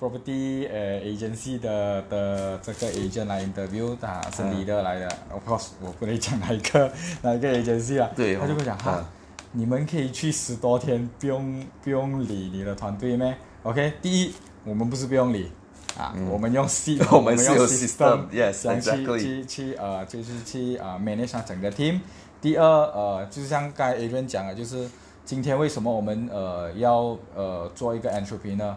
property 誒，agency 的的這個 agent 來 interview，但係是 leader 來的。Of course，我唔能講那一個那一個 agency 啦。對，他就會講嚇，你們可以去十多天，不用不用理你的團隊咩？OK，第一，我們不是不用理啊，我們用 system，我們用 system，yes，exactly。先去去去，誒，就是去誒 manage 下整個 team。第二，誒，就是像剛才個 agent 講嘅，就是今天為什麼我們誒要誒做一個 entrepreneur 呢？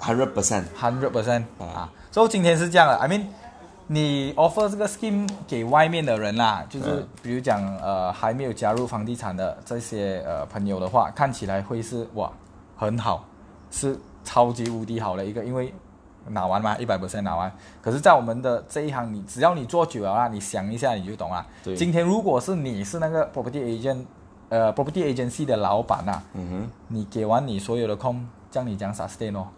Hundred percent, hundred percent 啊！所、啊、以、so, 今天是這樣的，I mean，你 offer 這個 scheme 俾外面的人啦，啊，就是比如講，呃，還沒有加入房地產的這些，呃，朋友的話，看起來會是哇，很好，是超級無敵好的一個。因為拿完嘛，一百 percent 拿完。可是，在我們的這一行，你只要你做久了，話，你想一下你就懂啦。今天如果是你是那個 property agent，呃，property agency 的老闆啦、啊，嗯哼，你給完你所有的空，叫你講 sustain 咯，哦。